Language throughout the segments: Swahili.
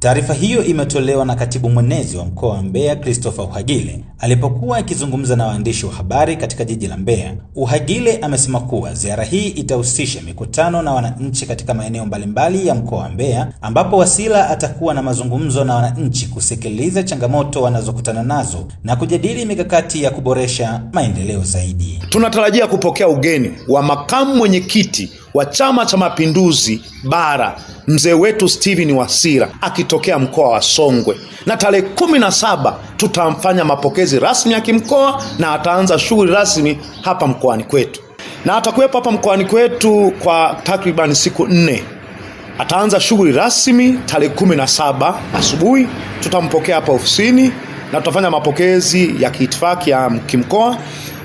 Taarifa hiyo imetolewa na Katibu Mwenezi wa Mkoa wa Mbeya, Christopher Uhagile, alipokuwa akizungumza na waandishi wa habari katika jiji la Mbeya. Uhagile amesema kuwa ziara hii itahusisha mikutano na wananchi katika maeneo mbalimbali ya mkoa wa Mbeya, ambapo Wasira atakuwa na mazungumzo na wananchi kusikiliza changamoto wanazokutana nazo na kujadili mikakati ya kuboresha maendeleo zaidi. Tunatarajia kupokea ugeni wa makamu mwenyekiti wa Chama cha Mapinduzi Bara, mzee wetu Steven Wasira akitokea mkoa wa Songwe, na tarehe kumi na saba tutamfanya mapokezi rasmi ya kimkoa na ataanza shughuli rasmi hapa mkoani kwetu, na atakuwepo hapa mkoani kwetu kwa takribani siku nne. Ataanza shughuli rasmi tarehe kumi na saba asubuhi, tutampokea hapa ofisini na tutafanya mapokezi ya kiitifaki ya kimkoa,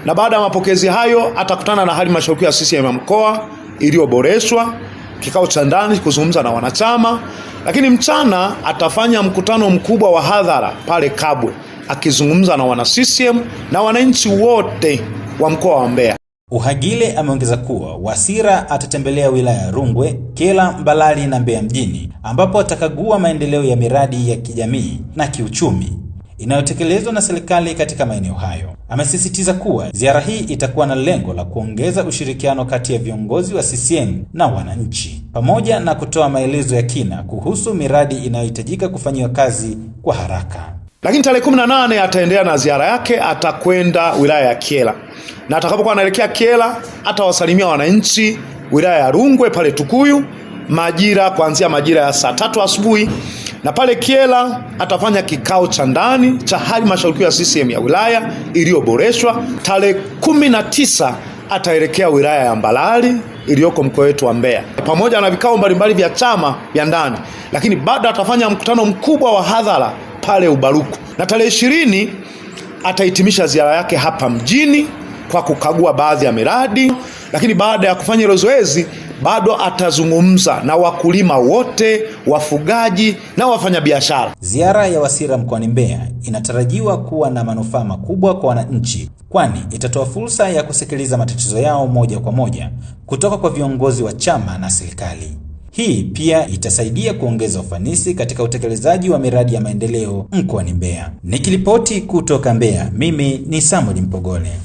na baada ya mapokezi hayo atakutana na halmashauri ya CCM ya mkoa iliyoboreshwa, kikao cha ndani kuzungumza na wanachama, lakini mchana atafanya mkutano mkubwa wa hadhara pale Kabwe akizungumza na wana CCM na wananchi wote wa mkoa wa Mbeya. Uhagile ameongeza kuwa Wasira atatembelea wilaya ya Rungwe, Kela, Mbalali na Mbeya mjini ambapo atakagua maendeleo ya miradi ya kijamii na kiuchumi inayotekelezwa na serikali katika maeneo hayo. Amesisitiza kuwa ziara hii itakuwa na lengo la kuongeza ushirikiano kati ya viongozi wa CCM na wananchi pamoja na kutoa maelezo ya kina kuhusu miradi inayohitajika kufanyiwa kazi kwa haraka. Lakini tarehe 18 ataendelea na ziara yake, atakwenda wilaya ya Kyela na atakapokuwa anaelekea Kyela atawasalimia wananchi wilaya ya Rungwe pale Tukuyu majira kuanzia majira ya saa tatu asubuhi na pale Kiela atafanya kikao cha ndani cha halmashauri ya CCM ya wilaya iliyoboreshwa. Tarehe kumi na tisa ataelekea wilaya ya Mbalali iliyoko mkoa wetu wa Mbeya, pamoja na vikao mbalimbali vya chama vya ndani, lakini bado atafanya mkutano mkubwa wa hadhara pale Ubaruku, na tarehe ishirini atahitimisha ziara yake hapa mjini kwa kukagua baadhi ya miradi, lakini baada ya kufanya hilo zoezi bado atazungumza na wakulima wote, wafugaji na wafanyabiashara. Ziara ya Wasira mkoani Mbeya inatarajiwa kuwa na manufaa makubwa kwa wananchi, kwani itatoa fursa ya kusikiliza matatizo yao moja kwa moja kutoka kwa viongozi wa chama na serikali. Hii pia itasaidia kuongeza ufanisi katika utekelezaji wa miradi ya maendeleo mkoani Mbeya. Nikilipoti kutoka Mbeya, mimi ni Samuel Mpogole.